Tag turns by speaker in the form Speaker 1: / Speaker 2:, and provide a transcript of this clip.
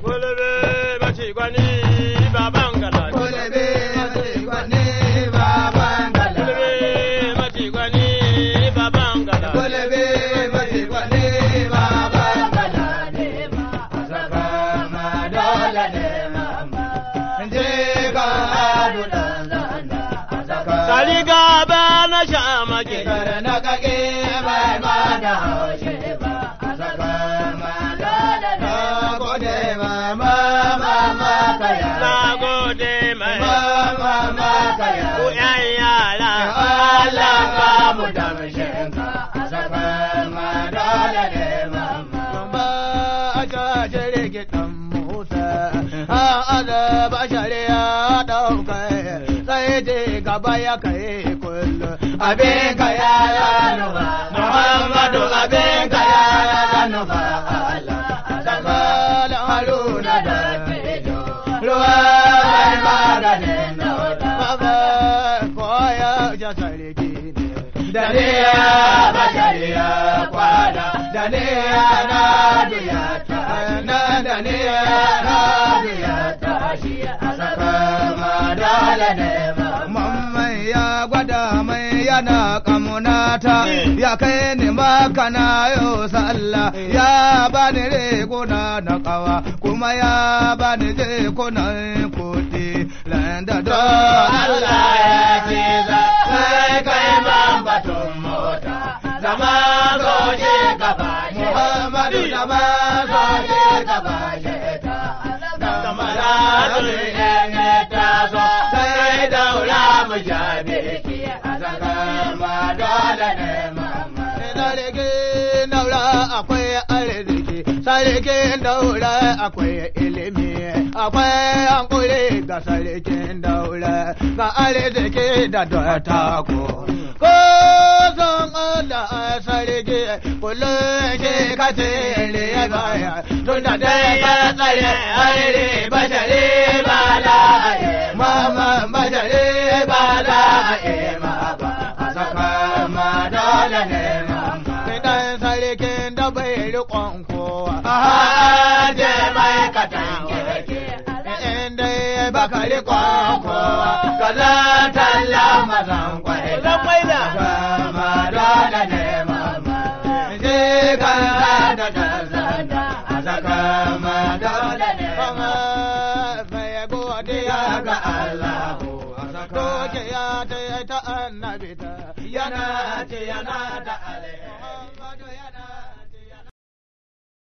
Speaker 1: Saliga ba na sha maki, bai ma da ku ‘yan yara Allah ba mu damshin ka a zaɓar madala ne mamma. Ba a ka jirgin ɗan Musa, a ala ba shari'a ɗaukai, sai je gaba ya kai kullum, abin ka yara ja sarki ne da ne ya ba shari'a kwana da ne ya na duya ta na da ne ya na duya ta shi a saka madala ne ba mamman ya gwada mai yana kamunata ya kai ni maka na yau sallah ya bani riguna na kawa kuma ya ba ni kunan kuɗi landa don Muhammadu da maza ce ta bashe ta
Speaker 2: da maratun yan ta zo
Speaker 1: sai daura mu jabe ki a zagan ma dole ne mama. Sarkin daura akwai arziki, sarkin daura akwai ilimi, akwai hankuri ga sarkin daura ga arziki da dota ko. kullum shi ka tsere baya tun da dai ka tsare Aini bashari ba la'aye mama bashari ba la'aye ma ba a saka ma dole ne ma idan sarkin da bai riƙon kowa a je mai ka kirki inda ya baka riƙon kowa ka za ta lamata godiya ga Allah ko ya ta annabi ta yana ce yana da alai